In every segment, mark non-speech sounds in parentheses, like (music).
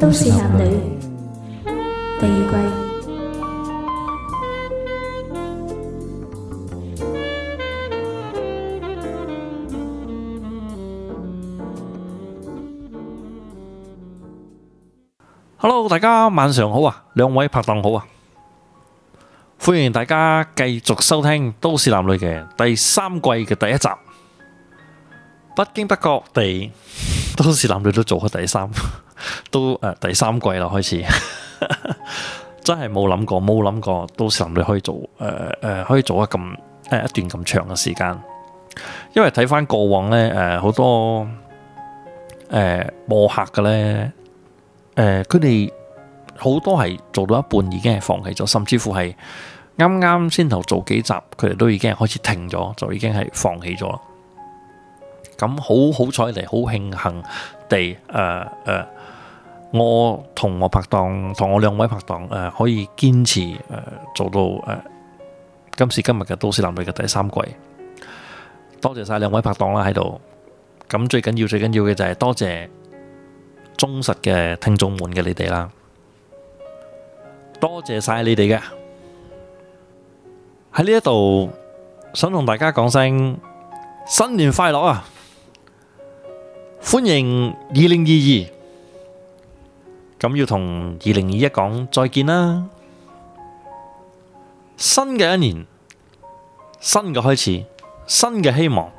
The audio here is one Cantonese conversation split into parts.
都市男女第二季，Hello，大家晚上好啊，兩位拍檔好啊，歡迎大家繼續收聽《都市男女》嘅第三季嘅第一集。不經不覺地，都市男女都做開第三。都誒、呃，第三季啦開始，呵呵真係冇諗過，冇諗過，到時你可以做誒誒、呃呃，可以做一咁誒一段咁長嘅時間。因為睇返過往咧，誒、呃、好多誒、呃、播客嘅咧，誒佢哋好多係做到一半已經係放棄咗，甚至乎係啱啱先頭做幾集，佢哋都已經係開始停咗，就已經係放棄咗。咁好好彩嚟，好慶幸地誒誒。呃呃呃我同我拍檔，同我兩位拍檔，誒、呃，可以堅持誒、呃、做到誒、呃、今時今日嘅《都市男女》嘅第三季，多謝晒兩位拍檔啦喺度。咁最緊要最緊要嘅就係多謝忠實嘅聽眾們嘅你哋啦，多謝晒你哋嘅。喺呢一度想同大家講聲新年快樂啊！歡迎二零二二。咁要同二零二一講再見啦！新嘅一年，新嘅開始，新嘅希望，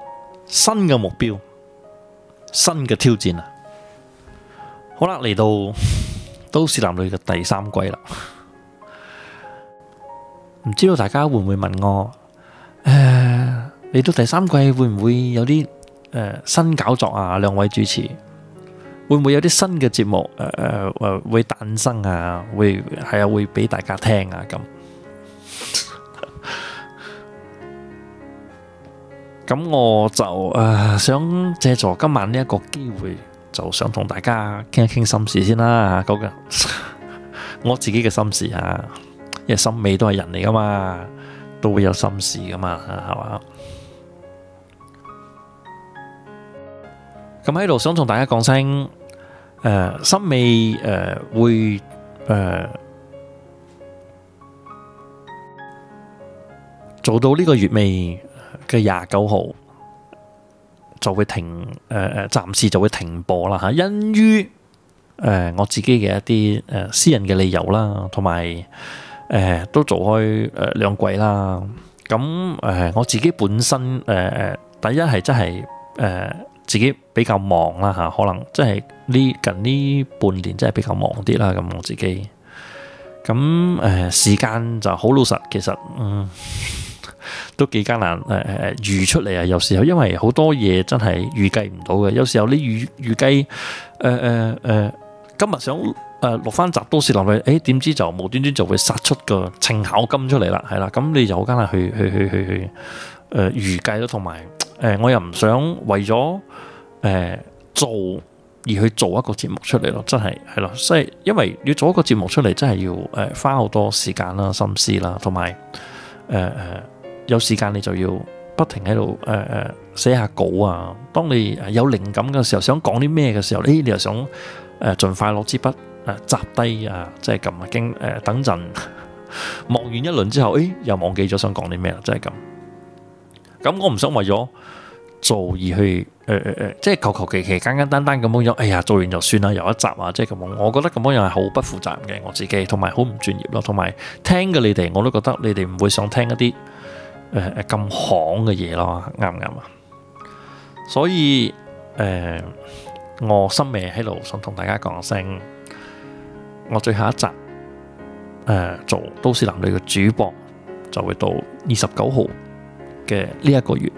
新嘅目標，新嘅挑戰啊！好啦，嚟到都市男女嘅第三季啦，唔知道大家會唔會問我，誒，嚟到第三季會唔會有啲誒新搞作啊？兩位主持。會唔會有啲新嘅節目誒誒誒會誕生啊？會係啊？會俾大家聽啊？咁咁我就誒想借助今晚呢一個機會，就想同大家傾一傾心事先啦。嗰個我自己嘅心事啊，因為心美都係人嚟噶嘛，都會有心事噶嘛，係嘛？咁喺度想同大家講聲。誒，新、呃、美誒、呃、會誒、呃、做到呢個月尾嘅廿九號就會停誒誒，暫、呃、時就會停播啦吓，因于誒、呃、我自己嘅一啲誒私人嘅理由啦，同埋誒都做開誒兩季啦，咁誒、呃、我自己本身誒誒、呃、第一係真係誒。呃自己比較忙啦嚇，可能即係呢近呢半年真係比較忙啲啦。咁我自己咁誒、呃、時間就好老實，其實嗯都幾艱難誒誒、呃呃、預出嚟啊。有時候因為好多嘢真係預計唔到嘅，有時候你預預計誒誒誒今日想誒落翻集都市落去，誒、哎、點知就無端端就會殺出個程咬金出嚟啦，係啦。咁你就好艱難去去去去去誒、呃、預計囉同埋，誒， (music) 我又唔想為咗誒、呃、做而去做一個節目出嚟咯，真係係咯，所以，因為要做一個節目出嚟，真係要誒花好多時間啦、心思啦，同埋誒誒有時間你就要不停喺度誒誒寫下稿啊。當你有靈感嘅時候，想講啲咩嘅時候，誒、哎、你又想誒盡快攞支筆誒，紮低啊，即係撳下鍵誒，等陣望完一輪之後，誒、哎、又忘記咗想講啲咩啦，真係咁。咁我唔想為咗做而去誒誒誒，即係求求其其、簡簡單單咁樣樣。哎呀，做完就算啦，又一集啊，即係咁。我覺得咁樣樣係好不負責任嘅，我自己同埋好唔專業咯。同埋聽嘅你哋，我都覺得你哋唔會想聽一啲誒誒咁行嘅嘢咯，啱唔啱啊？所以誒、嗯，我心未喺度，想同大家講聲，我最後一集誒、呃、做都市男女嘅主播就會到二十九號。嘅呢一個月，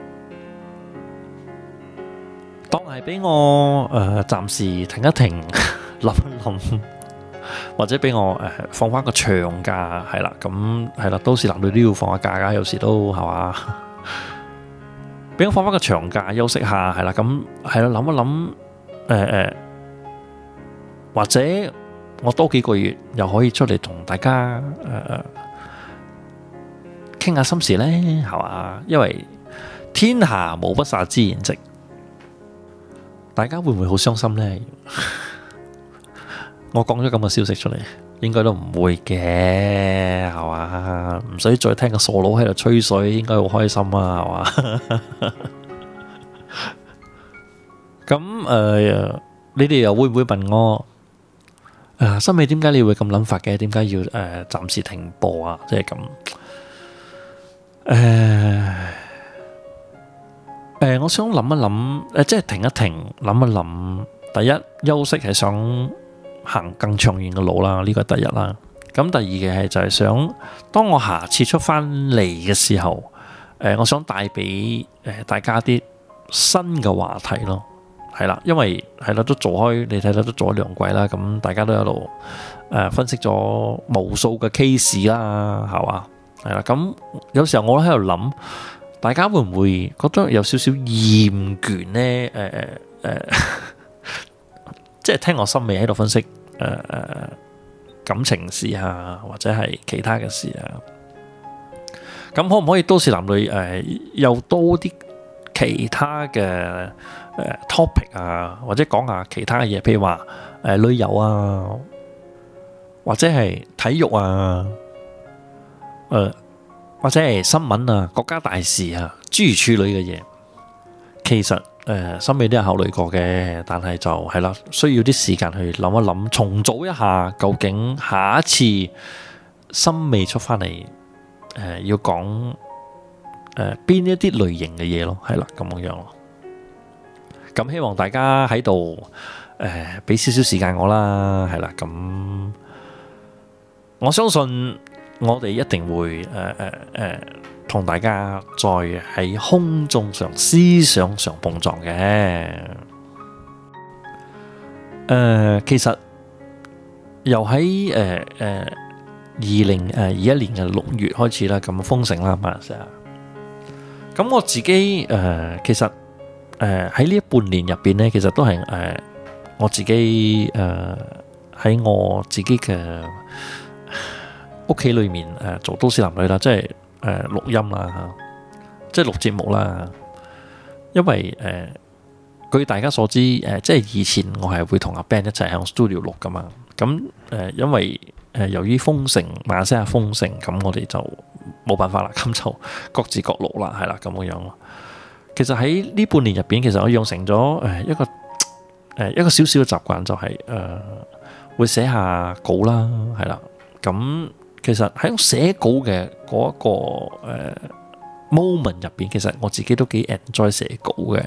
當係俾我誒，暫時停一停，諗一諗，或者俾我誒，放翻個長假，係啦，咁係啦，都市男女都要放下假噶，有時都係嘛，俾我放翻個長假休息下，係啦，咁係啦，諗一諗，誒誒，或者我多幾個月又可以出嚟同大家誒。傾下心事咧，係嘛？因為天下無不散之筵席，大家會唔會好傷心咧？我講咗咁嘅消息出嚟，應該都唔會嘅，係嘛？唔使再聽個傻佬喺度吹水，應該好開心啊，係嘛？咁誒，你哋又會唔會問我誒，心美點解你會咁諗法嘅？點解要誒暫時停播啊？即係咁。誒誒、呃呃，我想諗一諗誒、呃，即係停一停諗一諗。第一，休息係想行更長遠嘅路啦，呢、這個係第一啦。咁第二嘅係就係想，當我下次出翻嚟嘅時候，誒、呃，我想帶俾誒大家啲新嘅話題咯。係啦，因為係啦，都做開，你睇到都做咗兩季啦。咁、嗯、大家都喺度誒分析咗無數嘅 case 啦，係嘛？係啦，咁、嗯、有時候我喺度諗，大家會唔會覺得有少少厭倦呢？誒、呃、誒、呃、即係聽我心未喺度分析誒誒、呃呃、感情事啊，或者係其他嘅事啊。咁可唔可以都市男女誒、呃，又多啲其他嘅誒、呃、topic 啊，或者講下其他嘅嘢，譬如話誒、呃、旅遊啊，或者係體育啊。誒、呃，或者係新聞啊，國家大事啊，諸如此類嘅嘢，其實誒、呃，心美都有考慮過嘅，但係就係啦，需要啲時間去諗一諗，重組一下，究竟下一次心美出翻嚟誒，要講誒邊一啲類型嘅嘢咯，係啦，咁樣咯，咁、嗯、希望大家喺度誒，俾少少時間我啦，係啦，咁、嗯、我相信。我哋一定會誒誒誒，同大家再喺空中上思想上碰撞嘅。誒，其實由喺誒誒二零誒二一年嘅六月開始啦，咁封城啦，係咪先啊？咁我自己誒，其實誒喺呢半年入邊咧，其實都係誒我自己誒喺我自己嘅。屋企裏面誒做都市男女啦，即係誒錄音啦，即係錄節目啦。因為誒、呃、據大家所知誒，即、呃、係以前我係會同阿 Ben 一齊喺 studio 錄噶嘛。咁誒、呃、因為誒、呃、由於封城，馬來西亞封城，咁我哋就冇辦法啦。咁就各自各錄啦，係啦咁嘅樣。其實喺呢半年入邊，其實我養成咗誒一個誒、呃、一個少少嘅習慣，就係誒會寫下稿啦，係啦咁。其實喺寫稿嘅嗰一個誒、呃、moment 入邊，其實我自己都幾 enjoy 寫稿嘅，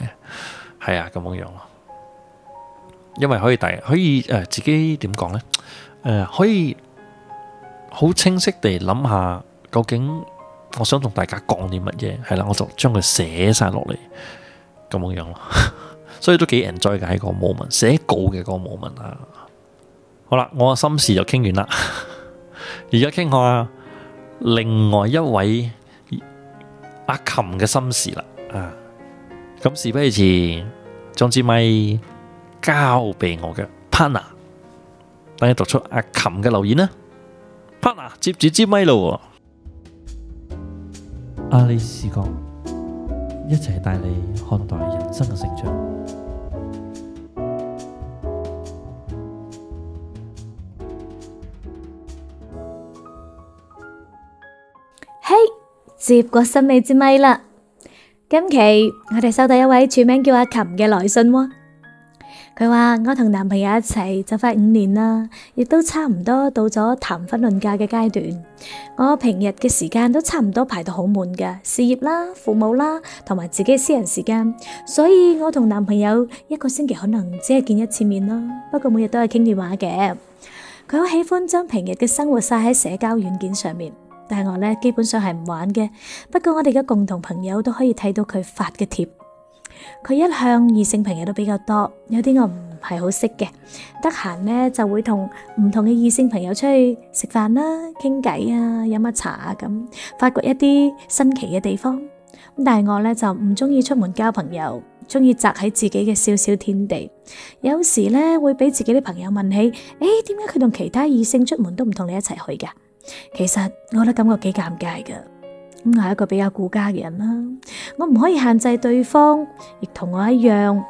係啊咁樣樣咯。因為可以第可以誒、呃、自己點講咧？誒、呃、可以好清晰地諗下究竟我想同大家講啲乜嘢，係啦、啊，我就將佢寫晒落嚟咁樣樣咯。所以都幾 enjoy 嘅喺個 moment 寫稿嘅嗰個 moment mom 啊。好啦，我嘅心事就傾完啦。而家傾下另外一位阿琴嘅心事啦，啊，咁事不宜遲將支咪交俾我嘅 partner，等你讀出阿琴嘅留言啦，partner 接住支咪咯，阿麗視角一齊帶你看待人生嘅成長。嘿，hey，接過心美之咪啦！今期我哋收到一位署名叫阿琴嘅來信喎、哦，佢話，我同男朋友一齊就快五年啦，亦都差唔多到咗談婚論嫁嘅階段。我平日嘅時間都差唔多排到好滿㗎，事業啦、父母啦，同埋自己私人時間，所以我同男朋友一個星期可能只係見一次面啦。不過每日都係傾電話嘅，佢好喜歡將平日嘅生活晒喺社交軟件上面。但係我咧基本上係唔玩嘅，不過我哋嘅共同朋友都可以睇到佢發嘅帖。佢一向異性朋友都比較多，有啲我唔係好識嘅。得閒呢就會同唔同嘅異性朋友出去食飯啦、傾偈啊、飲乜茶啊咁，發掘一啲新奇嘅地方。咁但係我咧就唔中意出門交朋友，中意宅喺自己嘅小小天地。有時咧會俾自己啲朋友問起，誒，點解佢同其他異性出門都唔同你一齊去噶？其實我都感覺幾尷尬噶，咁我係一個比較顧家嘅人啦，我唔可以限制對方，亦同我一樣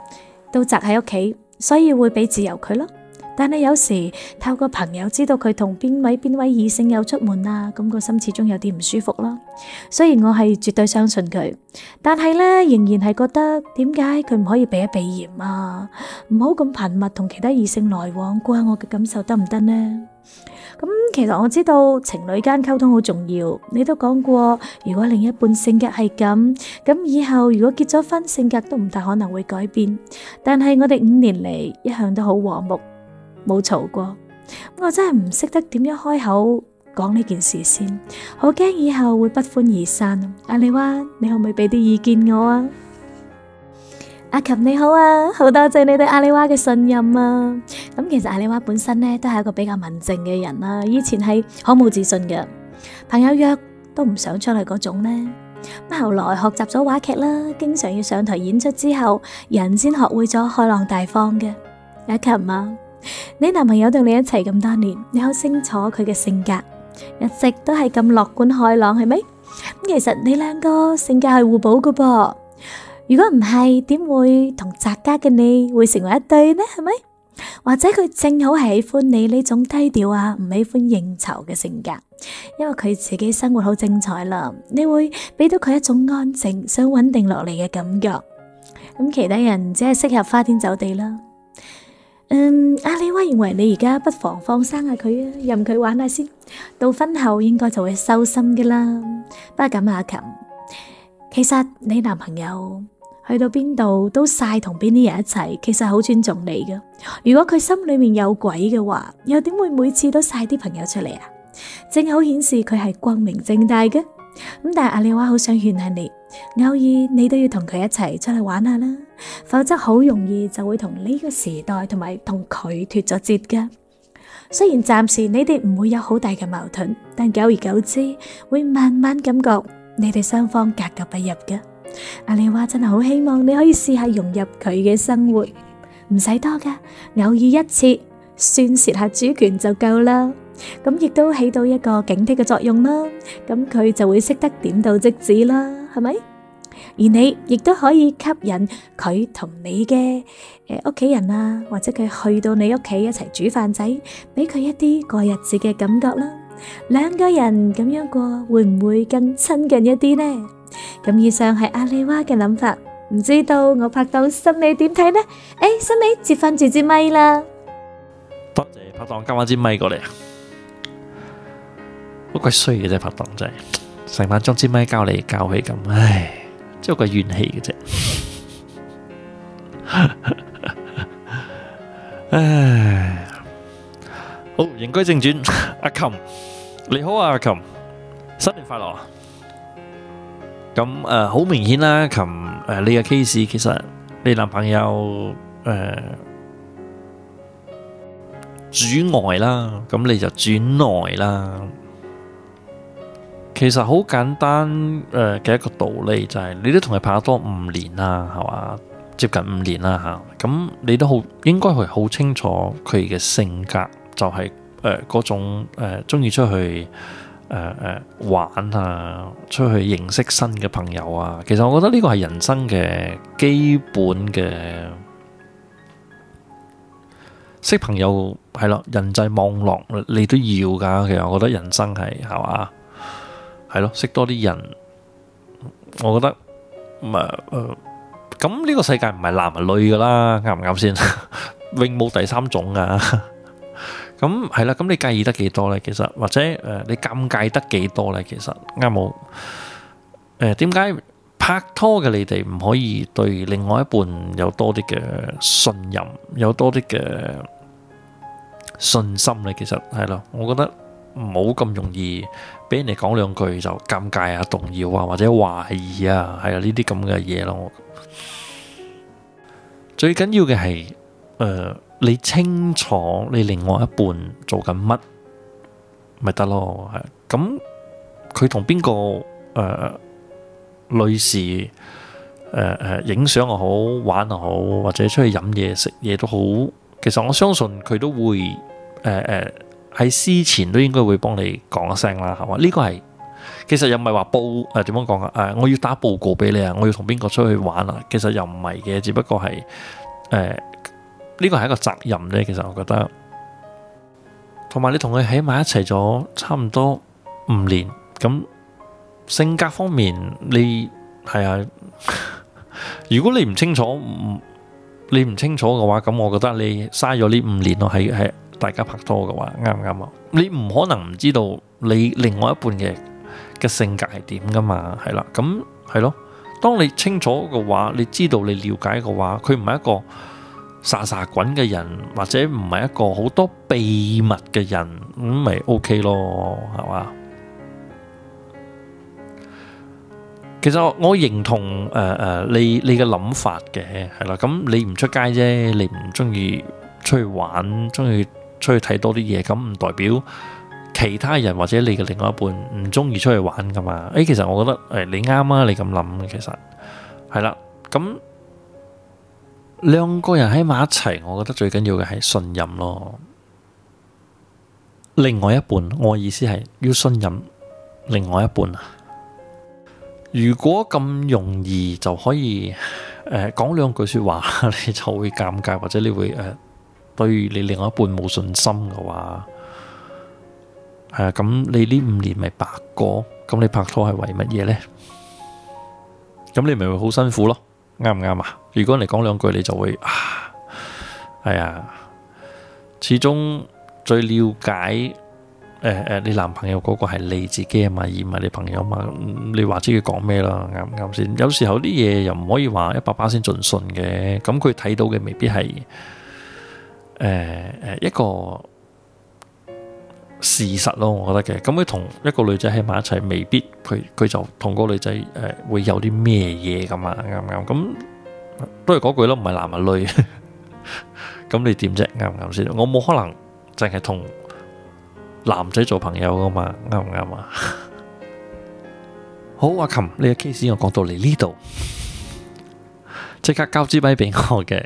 都宅喺屋企，所以會俾自由佢咯。但係有時透過朋友知道佢同邊位邊位異性有出門啊，咁個心始終有啲唔舒服啦。雖然我係絕對相信佢，但係咧仍然係覺得點解佢唔可以避一鼻炎啊？唔好咁頻密同其他異性來往，顧下我嘅感受得唔得呢？行咁其實我知道情侶間溝通好重要，你都講過，如果另一半性格係咁，咁以後如果結咗婚，性格都唔大可能會改變。但係我哋五年嚟一向都好和睦，冇嘈過。我真係唔識得點樣開口講呢件事先，好驚以後會不歡而散。阿麗娃，你可唔可以俾啲意見我啊？阿琴你好啊，好多謝你對阿里娃嘅信任啊。咁其實阿里娃本身咧都係一個比較文靜嘅人啦、啊，以前係好冇自信嘅，朋友約都唔想出去嗰種咧。咁後來學習咗話劇啦，經常要上台演出之後，人先學會咗開朗大方嘅。阿琴啊，你男朋友同你一齊咁多年，你好清楚佢嘅性格，一直都係咁樂觀開朗，係咪？咁其實你兩個性格係互補嘅噃。如果唔係，點會同宅家嘅你會成為一對呢？係咪？或者佢正好喜歡你呢種低調啊，唔喜歡應酬嘅性格，因為佢自己生活好精彩啦。你會俾到佢一種安靜、想穩定落嚟嘅感覺。咁其他人只係適合花天酒地啦。嗯、阿、啊、麗娃認為你而家不妨放生下佢啊，任佢玩下先。到婚後應該就會收心嘅啦。不過咁阿、啊、琴，其實你男朋友。去到邊度都晒同邊啲人一齊，其實好尊重你噶。如果佢心裏面有鬼嘅話，又點會每次都晒啲朋友出嚟啊？正好顯示佢係光明正大嘅。咁但係阿麗娃好想勸下你，偶爾你都要同佢一齊出嚟玩下啦，否則好容易就會同呢個時代同埋同佢脫咗節噶。雖然暫時你哋唔會有好大嘅矛盾，但久而久之會慢慢感覺你哋雙方格格不入噶。阿、啊、你話真係好希望你可以試下融入佢嘅生活，唔使多噶，偶爾一次宣洩下主權就夠啦。咁亦都起到一個警惕嘅作用啦。咁佢就會識得點到即止啦，係咪？而你亦都可以吸引佢同你嘅誒屋企人啊，或者佢去到你屋企一齊煮飯仔，俾佢一啲過日子嘅感覺啦。兩個人咁樣過會唔會更親近一啲呢？咁以上係阿麗娃嘅諗法，唔知道我拍檔心理點睇呢？誒，心理接翻住支咪啦，多謝拍檔，交翻支咪過嚟，好鬼衰嘅啫，拍檔真係成晚將支咪交嚟交去咁，唉，真係好鬼怨氣嘅啫，唉，好，言歸正傳，阿琴你好啊，阿琴新年快樂啊！咁誒，好明顯啦，琴誒，你嘅 case 其實你男朋友誒主外啦，咁你就主內啦。其實好簡單誒嘅一個道理就係，你都同佢拍咗五年啦，係嘛？接近五年啦吓，咁你都好應該係好清楚佢嘅性格，就係誒嗰種誒中意出去。誒誒、呃，玩啊，出去認識新嘅朋友啊，其實我覺得呢個係人生嘅基本嘅識朋友係咯，人際網絡你都要噶。其實我覺得人生係係嘛，係咯，識多啲人，我覺得咁啊，咁、呃、呢、呃、個世界唔係男係女噶啦，啱唔啱先？ (laughs) 永冇第三種噶、啊。咁係啦，咁你介意得幾多咧？其實或者誒，你尷尬得幾多咧？其實啱冇誒，點解拍拖嘅你哋唔可以對另外一半有多啲嘅信任，有多啲嘅信心咧？其實係啦，我覺得唔好咁容易俾人哋講兩句就尷尬啊、動搖啊或者懷疑啊，係啊呢啲咁嘅嘢咯。最緊要嘅係誒。你清楚你另外一半做緊乜，咪得咯，係咁佢同邊個誒女士誒誒影相又好玩又好，或者出去飲嘢食嘢都好。其實我相信佢都會誒誒喺事前都應該會幫你講一聲啦，係嘛？呢、這個係其實又唔係話報誒點樣講啊？誒、呃呃，我要打報告俾你啊，我要同邊個出去玩啊？其實又唔係嘅，只不過係誒。呃呢個係一個責任呢。其實我覺得，同埋你同佢喺埋一齊咗差唔多五年，咁性格方面你係啊，如果你唔清楚，唔你唔清楚嘅話，咁我覺得你嘥咗呢五年咯，係係大家拍拖嘅話，啱唔啱啊？你唔可能唔知道你另外一半嘅嘅性格係點㗎嘛，係啦、啊，咁係咯。當你清楚嘅話，你知道你了解嘅話，佢唔係一個沙沙滾嘅人，或者唔係一個好多秘密嘅人，咁、嗯、咪 OK 咯，係嘛？其實我，我認同誒誒、呃呃、你你嘅諗法嘅，係啦。咁你唔出街啫，你唔中意出去玩，中意出去睇多啲嘢，咁唔代表其他人或者你嘅另外一半唔中意出去玩噶嘛？誒、欸，其實我覺得誒、欸、你啱啊，你咁諗其實係啦，咁。嗯兩個人喺埋一齊，我覺得最緊要嘅係信任咯。另外一半，我嘅意思係要信任另外一半啊。如果咁容易就可以，誒、呃、講兩句說話，你就會尷尬，或者你會誒、呃、對你另外一半冇信心嘅話，係、呃、啊，咁你呢五年咪白過？咁你拍拖係為乜嘢咧？咁你咪會好辛苦咯。啱唔啱啊？如果你講兩句，你就會啊，係啊、哎，始終最了解誒誒、呃呃，你男朋友嗰個係你自己啊嘛，而唔係你朋友嘛。嗯、你話知佢講咩咯？啱唔啱先？有時候啲嘢又唔可以話一百巴仙盡信嘅。咁佢睇到嘅未必係誒誒一個。事實咯，我覺得嘅，咁佢同一個女仔喺埋一齊，未必佢佢就同嗰個女仔誒、呃、會有啲咩嘢咁啊？啱唔啱？咁、嗯、都係嗰句咯，唔係男唔係女，咁、嗯呃、你點啫？啱唔啱先？我冇可能淨係同男仔做朋友噶嘛？啱唔啱啊？好，阿琴，你嘅 case 我講到嚟，呢度即刻交支咪俾我嘅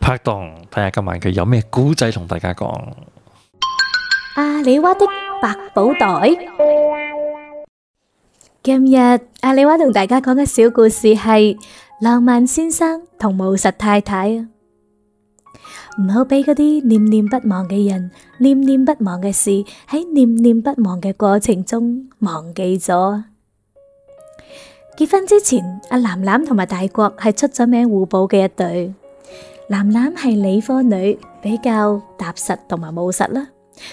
拍檔，睇下，今晚佢有咩古仔同大家講。阿里娃的百寶袋。今日阿里娃同大家講嘅小故事係《浪漫先生同務實太太》啊。唔好俾嗰啲念念不忘嘅人、念念不忘嘅事喺念念不忘嘅過程中忘記咗。結婚之前，阿楠楠同埋大國係出咗名互補嘅一對。楠楠係理科女，比較踏實同埋務實啦。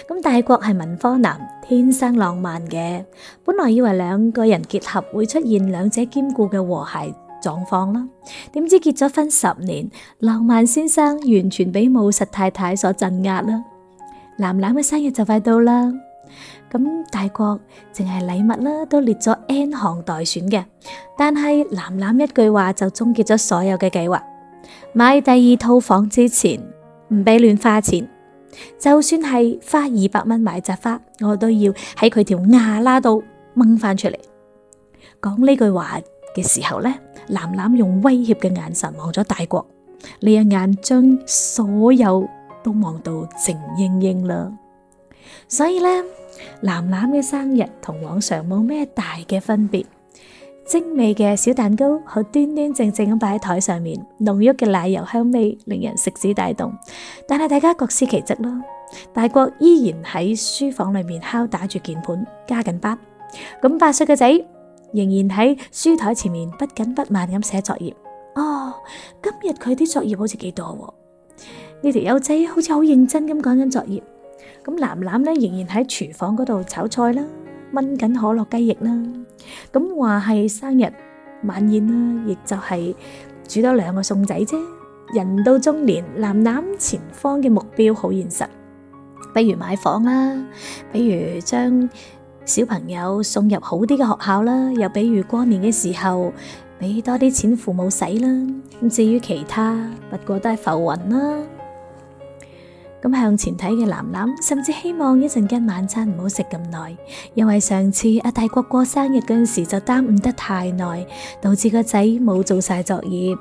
咁大國係文科男，天生浪漫嘅。本來以為兩個人結合會出現兩者兼顧嘅和諧狀況啦，點知結咗婚十年，浪漫先生完全俾務實太太所鎮壓啦。楠楠嘅生日就快到啦，咁大國淨係禮物啦，都列咗 N 行待選嘅。但係楠楠一句話就終結咗所有嘅計劃，買第二套房之前唔俾亂花錢。就算係花二百蚊買扎花，我都要喺佢條牙拉度掹翻出嚟。講呢句話嘅時候呢，藍藍用威脅嘅眼神望咗大國，呢一眼將所有都望到靜英英啦。所以呢，藍藍嘅生日同往常冇咩大嘅分別。精美嘅小蛋糕，好端端正正咁擺喺台上面，濃郁嘅奶油香味令人食指大動。但係大家各司其職咯。大國依然喺書房裏面敲打住鍵盤，加緊班。咁八歲嘅仔仍然喺書台前面不緊不慢咁寫作業。哦，今日佢啲作業好似幾多？呢條友仔好似好認真咁講緊作業。咁藍藍咧，仍然喺廚房嗰度炒菜啦。燜緊可樂雞翼啦，咁話係生日晚宴啦，亦就係煮多兩個餸仔啫。人到中年，漫漫前方嘅目標好現實，比如買房啦，比如將小朋友送入好啲嘅學校啦，又比如過年嘅時候俾多啲錢父母使啦。咁至於其他，不過都係浮雲啦。咁向前睇嘅楠楠，甚至希望一陣間晚餐唔好食咁耐，因為上次阿大國過生日嗰陣時就耽誤得太耐，導致個仔冇做晒作業。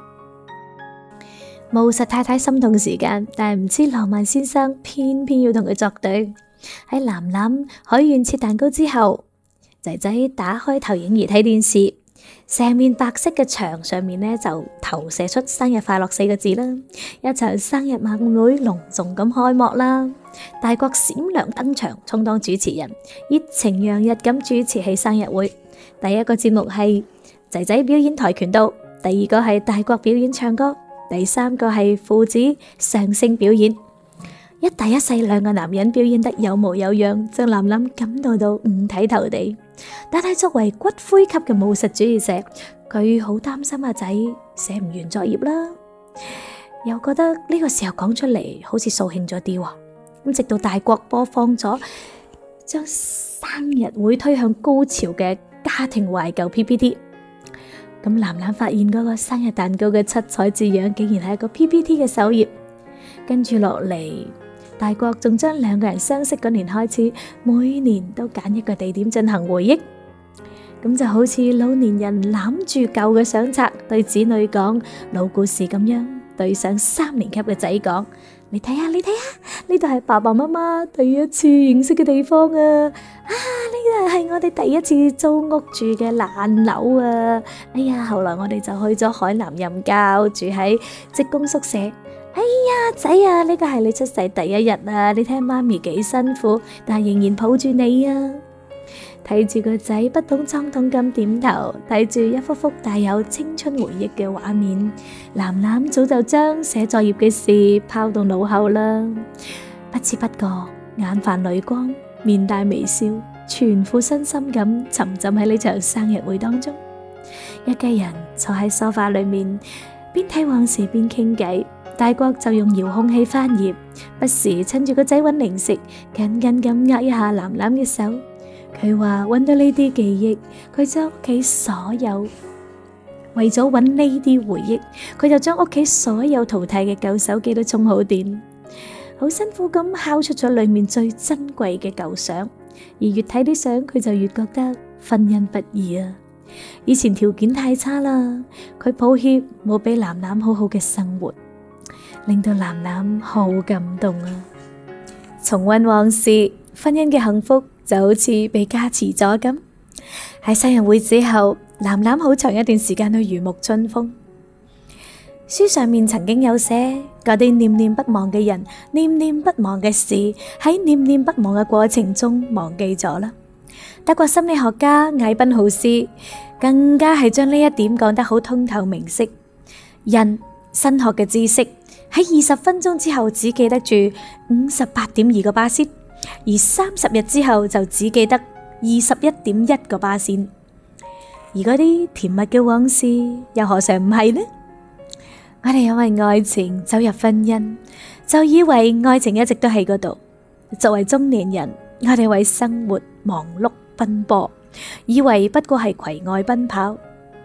務實太太心痛時間，但係唔知羅曼先生偏偏要同佢作對。喺楠楠許願切蛋糕之後，仔仔打開投影儀睇電視。成面白色嘅牆上面咧就投射出生日快樂四個字啦，一場生日晚會隆重咁開幕啦。大國閃亮登場，充當主持人，熱情洋溢咁主持起生日會。第一個節目係仔仔表演跆拳道，第二個係大國表演唱歌，第三個係父子相聲表演。一大一細兩個男人表演得有模有樣，將楠楠感動到五體投地。但係作為骨灰級嘅務實主義者，佢好擔心阿仔寫唔完作業啦，又覺得呢個時候講出嚟好似掃興咗啲。咁直到大國播放咗將生日會推向高潮嘅家庭懷舊 PPT，咁楠楠發現嗰個生日蛋糕嘅七彩字樣竟然係一個 PPT 嘅首頁，跟住落嚟。大國仲將兩個人相識嗰年開始，每年都揀一個地點進行回憶，咁就好似老年人攬住舊嘅相冊，對子女講老故事咁樣，對上三年級嘅仔講：你睇下，你睇下，呢度係爸爸媽媽第一次認識嘅地方啊！啊，呢度係我哋第一次租屋住嘅爛樓啊！哎呀，後來我哋就去咗海南任教，住喺職工宿舍。哎呀，仔啊，呢個係你出世第一日啊！你聽媽咪幾辛苦，但係仍然抱住你啊！睇住個仔，不懂裝懂咁點頭，睇住一幅幅帶有青春回憶嘅畫面。楠楠早就將寫作業嘅事拋到腦後啦，不知不覺眼泛淚光，面帶微笑，全副身心咁沉浸喺呢場生日會當中。一家人坐喺梳化裏面，邊睇往事邊傾偈。大國就用遙控器翻頁，不時趁住個仔揾，零食，緊緊咁握一下楠楠嘅手。佢話揾到呢啲記憶，佢將屋企所有。為咗揾呢啲回憶，佢就將屋企所有淘汰嘅舊手機都充好電，好辛苦咁敲出咗裏面最珍貴嘅舊相。而越睇啲相，佢就越覺得婚姻不易啊。以前條件太差啦，佢抱歉冇俾楠楠好好嘅生活。令到楠楠好感動啊！重溫往事，婚姻嘅幸福就好似被加持咗咁。喺生日會之後，楠楠好長一段時間都如沐春風。書上面曾經有寫嗰啲念念不忘嘅人，念念不忘嘅事，喺念念不忘嘅過程中忘記咗啦。德國心理學家艾賓浩斯更加係將呢一點講得好通透明晰：「人新學嘅知識。喺二十分鐘之後只記得住五十八點二個巴仙，而三十日之後就只記得二十一點一個巴仙。而嗰啲甜蜜嘅往事又何嘗唔係呢？我哋因為愛情走入婚姻，就以為愛情一直都喺嗰度。作為中年人，我哋為生活忙碌奔波，以為不過係為愛奔跑。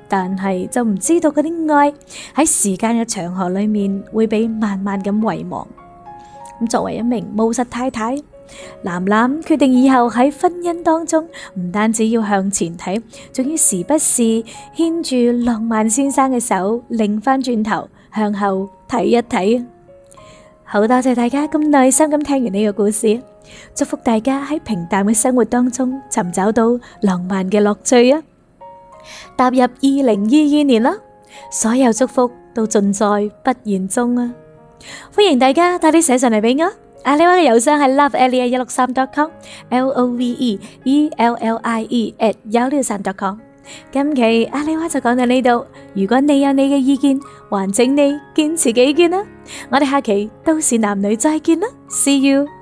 但係就唔知道嗰啲愛喺時間嘅長河裏面會被慢慢咁遺忘。咁作為一名務實太太，藍藍決定以後喺婚姻當中唔單止要向前睇，仲要時不時牽住浪漫先生嘅手擰翻轉頭向後睇一睇。好多謝大家咁耐心咁聽完呢個故事，祝福大家喺平淡嘅生活當中尋找到浪漫嘅樂趣啊！踏入二零二二年啦，所有祝福都盡在不言中啊！歡迎大家多啲寫上嚟俾我。阿麗娃嘅郵箱係 l o v e l, l i a 一六三 dotcom，L O V E E L L I E at 一六三 dotcom。今期阿麗娃就講到呢度。如果你有你嘅意見，還請你堅持己見啦、啊。我哋下期都市男女再見啦，See you！